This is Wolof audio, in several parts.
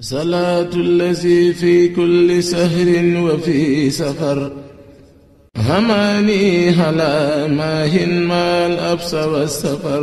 salaatu lazi fi kulli sahrin wa fi safar hamaani halaa maahin maal absa wa safar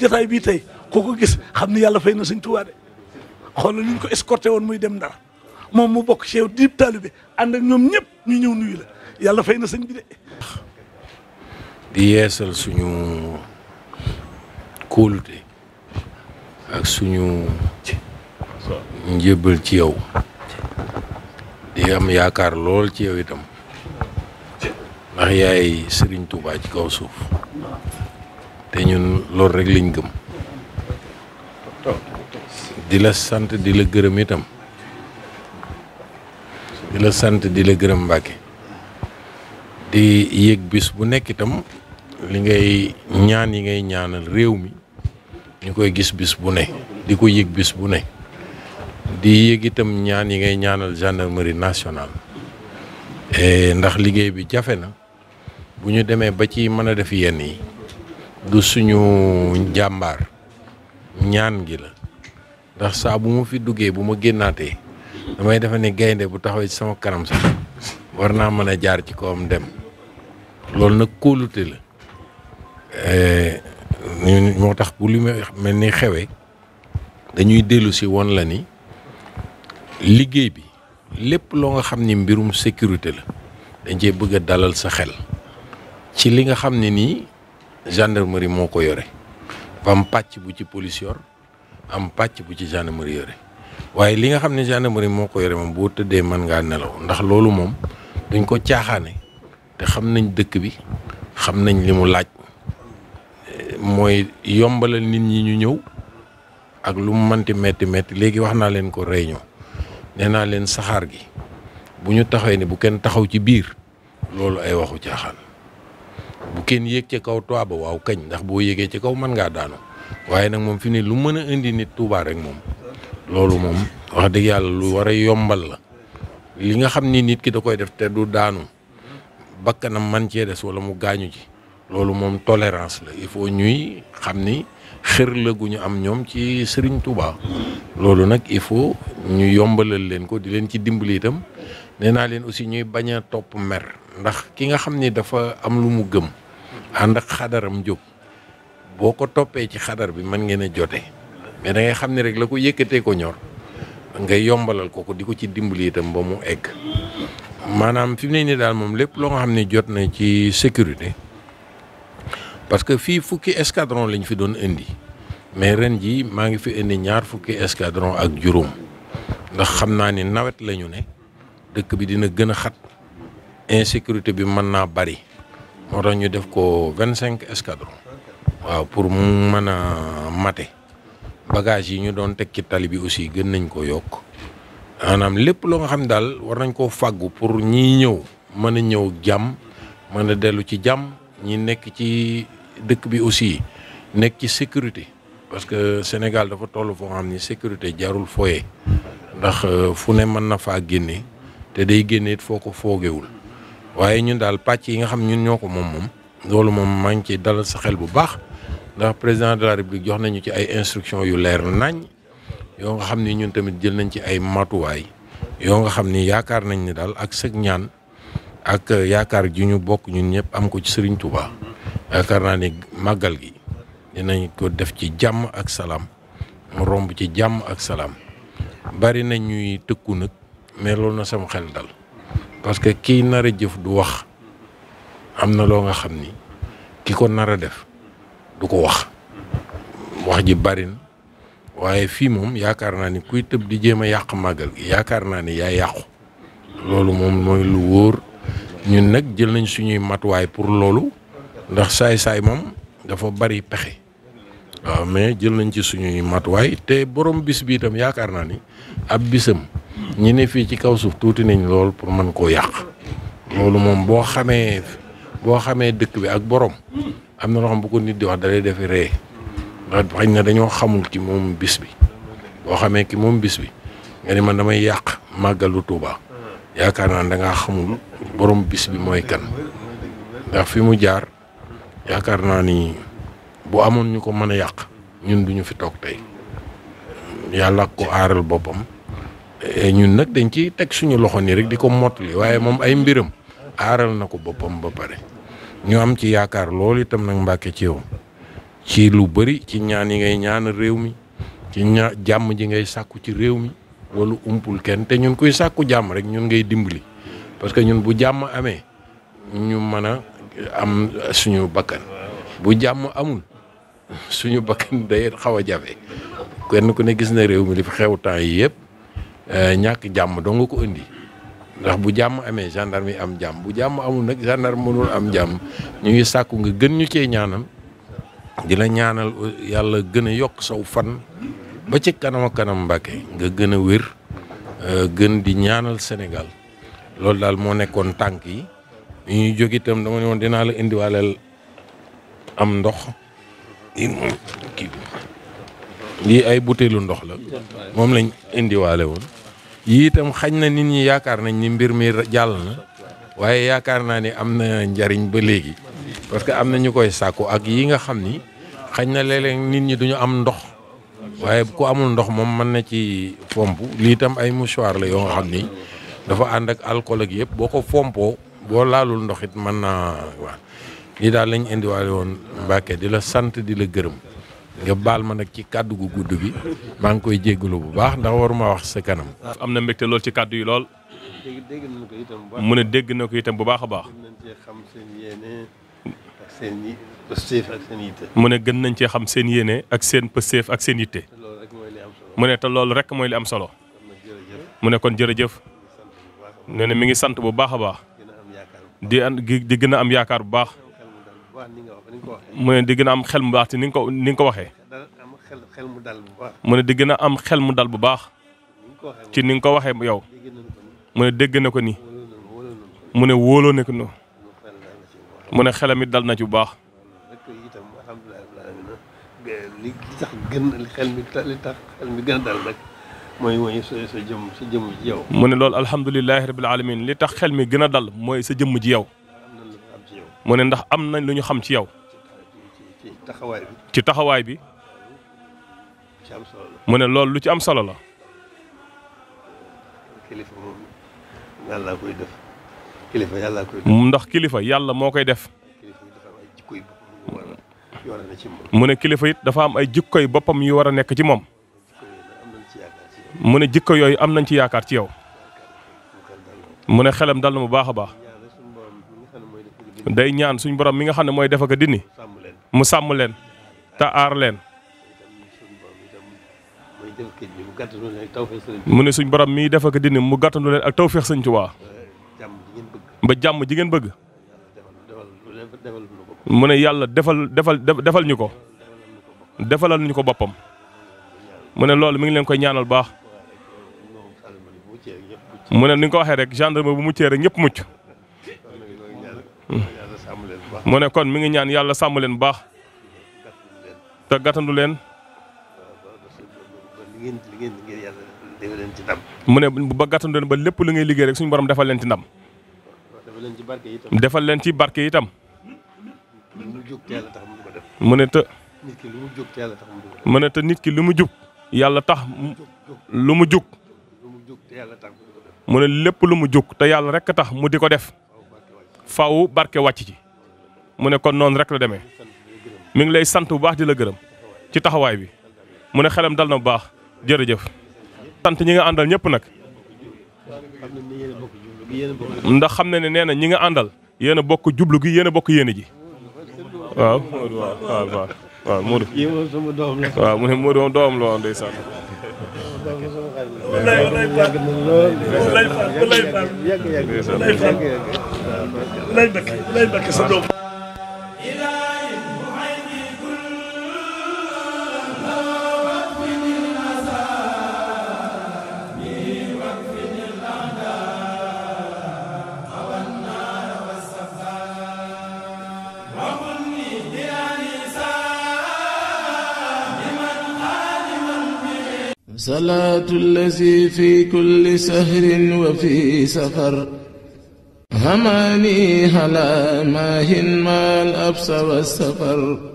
jotaay bii tey ku ko gis xam ni yàlla fay na sëñ Tuubaa de xoolal ñu ko escorté woon muy dem Ndar moom mu bokk ci yow diib taalibe ànd ñu ñëw nuyu la yàlla fay na sëñ bi di yeesal suñu kóolute ak suñu njébbal ci yow di am yaakaar lool ci yow itam ndax yaay Serigne Touba ci kaw suuf. te ñun loolu rek liñ gëm di la sant di la gërëm itam di la sant di la gërëm Mbàkke di yéeg bis bu nekk itam li ngay ñaan yi ngay ñaanal réew mi ñu koy gis bis bu ne di ko yëg bis bu ne di yéeg itam ñaan yi ngay ñaanal gendarmerie nationale eh, ndax liggéey bi jafe na bu ñu demee ba ci mën a def yenn yi du suñu jàmbaar ñaan gi la ndax saa bu ma fi duggee bu ma génnaatee damay defe ne gaynde bu taxawee ci sama kanam sax war naa mën a jaar ci kawam dem loolu nag kóolute la eh, moo tax bu lu mel ni xewee dañuy dellu si woon la ni liggéey bi lépp loo nga xam ni mbirum sécurité la dañ cee bëgg a dalal sa xel ci li nga xam ne nii gendarmerie moo ko yore dafa am pàcc bu ci police yor am pàcc bu ci gendarmerie yore waaye li nga xam ne gendarmerie moo ko yore moom boo tëddee man ngaa nelaw ndax loolu moom duñ ko caaxaane te xam nañ dëkk bi xam nañ li mu laaj mooy yombalal nit ñi ñu ñëw ak lu mu mënti metti metti léegi wax naa leen ko réunion nee naa leen saxaar gi bu ñu taxawee ne bu kenn taxaw ci biir loolu ay waxu caaxaan. bu kenn yéeg ci kaw toit ba waaw kañ ndax boo yéegee ci kaw man ngaa daanu waaye nag moom fi ne lu mën a indi nit Touba rek moom loolu moom wax dëgg yàlla lu war yombal la li nga xam ni nit ki da koy def te du daanu bakkanam man cee des wala mu gaañu ci loolu moom tolerance la il faut ñuy xam ni xër gu ñu am ñoom ci Serigne tuubaa loolu nag il faut ñu yombalal leen ko di leen ci dimbali itam. nee leen aussi ñuy bañ a topp mer ndax ki nga xam ni dafa am lu mu gëm ànd ak xadaram jóg boo ko toppee ci xadar bi mën ngeen a jote mais da xam ne rek la ko yëkkatee ko ñor nga yombalal ko ko di ko ci dimbaliitam itam ba mu egg maanaam fi mu ne nii daal moom lépp loo nga xam ne jot na ci sécurité parce que fii fukki escadron lañu fi doon indi mais ren ji maa ngi fi indi ñaar fukki escadron ak juróom ndax xam naa ni nawet la ñu ne dëkk bi dina gën a xat insécurité bi mën naa bari moo tax ñu def ko vingt cinq escadron waaw pour mu mën a mate bagage yi ñu doon teg ci tali bi aussi gën nañ ko yokk maanaam lépp loo nga xam daal war nañ koo fàggu pour ñiy ñëw mën a ñëw jàmm mën a dellu ci jàmm ñi nekk ci dëkk bi aussi nekk ci sécurité parce que Sénégal dafa toll foo xam ni sécurité jarul foye ndax euh, fu ne mën na faa génne te day génne it foo ko foogewul waaye ñun daal pàcc yi nga xam ñun ñoo ko moom moom loolu moom maa ngi ci dalal sa xel bu baax ndax président de la république jox nañu ci ay instructions yu leer nañ yoo nga xam ni ñun tamit jël nañ ci ay matuwaay yoo nga xam ni yaakaar nañ ni daal ak sëg ñaan ak yaakaar ji ñu bokk ñun ñëpp am ko ci Serigne Touba yaakaar naa ni màggal gi dinañ ko def ci jàmm ak salaam mu romb ci jàmm ak salaam bari na ñuy tëkku nag. mais loolu na sama xel dal parce que kiy nara jëf du wax am na loo nga xam ni ki ko nar a def du ko wax wax ji bari na waaye fii moom yaakaar naa ni kuy tëb di jéem a yàq màggal gi yaakaar naa ni yaa yàqu loolu moom mooy lu wóor ñun nag jël nañ suñuy matuwaay pour loolu ndax saay-saay moom dafa bari pexe waaw mais jël nañ ci suñuy matuwaay te borom bis bi itam yaakaar naa ni ab bisam ñi ne fii ci kaw suuf tuuti nañ lool pour mën koo yàq loolu moom boo xamee boo xamee dëkk bi ak boroom am na loo xam bu ko nit di wax dalay defi ree ndax xañ na dañoo xamul ki moom bis bi boo xamee ki moom bis bi nga ni man damay yàq lu Tuuba yaakaar naa ni ngaa xamul borom bis bi mooy kan ndax fi mu jaar yaakaar naa ni bu amoon ñu ko mën a yàq ñun duñu fi toog tey yàlla ko aaral boppam Eh, ñun nag dañ ci teg suñu loxo nii rek di ko mottali waaye moom ay mbiram aaral na ko boppam ba pare ñu am ci yaakaar loolu itam nag Mbàkke ci yow ci lu bëri ci ñaan yi ngay ñaan réew mi ci ñaa jàmm ji ngay sàkku ci réew mi loolu umpul kenn te ñun kuy sàkku jàmm rek ñun ngay dimbali parce que ñun bu jàmm amee ñu mën a am suñu bakkan bu jàmm amul suñu bakkan day xaw a jafe kenn ku ne gis na réew mi li fi xew temps yi yëpp. Euh, ñàkk jàmm doo nga ko indi ndax bu jàmm amee gendarme yi am jàmm bu jàmm amul nag gendarme mënul am jàmm ñu ngi sàkku nga gën ñu cee ñaanal di ñaanal yàlla gën a yokk saw fan ba ci kanam ak kanam Mbàkke nga gën a wér euh, gën di ñaanal Sénégal loolu daal moo nekkoon tànk yi ñu ñuy jóg dama ne woon dinaa la indiwaaleel am ndox lii ay butéelu ndox la moom lañ indiwaale woon yii itam xañ na nit ñi yaakaar nañ ni mbir mi jàll na waaye yaakaar naa ni am na njariñ ba léegi parce que am na ñu koy sàkku ak yi nga xam ni xañ na léeg nit ñi duñu am ndox waaye ku amul ndox moom mën na ci fomp lii itam ay mouchoir la yoo nga xam ni dafa ànd ak alcool ak yëpp boo ko fompoo boo laalul ndox it mën naa waa lii daal lañ indiwaale woon Mbacke di la sant di la gërëm nga baal ma nag ci kàddu gu gudd bi maa ngi koy jéggalu bu baax ndax waruma wax sa kanam. am na mbégte lool ci kàddu yi lool. mu ne dégg na itam bu baax a baax. mu ne gën nañ cee xam seen yéene ak seen pësteef ak seen yitte. mu ne te loolu rek mooy li am solo. mu ne kon jërëjëf. nee na mi ngi sant bu baax a baax. di gën a am yaakaar bu baax. mu ne di gën a am xel mu baax te ni nga ko ni nga ko waxee. mu ne di gën a am xel mu dal bu baax. ci ni nga ko waxee yow. mu ne dégg na ko nii. mu ne wóoloo na noonu. mu ne xelam it dal na ci bu baax. Ah. li tax gën xel mi li tax gën a dal mooy sa jëm sa jëmm ji yow. mu ne loolu alhamdulilahi rabil alamin li tax mi gën a dal mooy sa jëmm ji yow. mu ne ndax am nañ lu ñu xam ci yow. ci taxawaay bi ci taxawaay bi. mu ne lool lu ci am solo la. kilifa yàlla ndax kilifa yàlla moo koy def. mu ne kilifa it dafa am ay jikkoy boppam yu war a nekk ci moom. mu ne jikko yooyu am nañ ci yaakaar ci yow. mu ne xelam dal na mu baax a baax. day ñaan suñu borom mi nga xam ne mooy defaka dindi mu sàmm leen te aar leen mu ne suñ borom mii defaka dindi mu gàttandu leen ak tawféex sëñ Tuubaa ba jàmm ji ngeen bëgg mu ne yàlla defal defal defal ñu ko defalal ñu ko boppam mu ne loolu mu ngi leen koy ñaanal baax mu ne nu nga ko waxee rek gendarme bu muccee rek ñëpp mucc mu ne kon mi ngi ñaan yàlla sàmm leen baax te gattandu leen mu ne ba gàttandu leen ba lépp lu ngay liggéey rek suñu borom defal leen ci ndam defal leen ci barke itam mu ne te mu ne te nit ki lu mu jub yàlla tax lu mu jug mu ne lépp lu mu jug te yàlla rek tax mu di ko def faw barke wàcc ci mu ne kon noonu rek la demee mi ngi lay sant bu baax di la gërëm ci taxawaay bi mu ne xelam dal na bu baax jërëjëf sant ñi ngi àndal ñépp nag ndax xam na ne nee na ñi nga àndal yéen a bokk jublu gi yéen a bokk yéen ji waaw waaw waaw waaw Modou waaw mu ne Modou moom la woon lay bëgg lay bëgg sa doom salaatu lazi fi kulli sahrin wa fi safar هماني هلا ما هن ما الأبس والسفر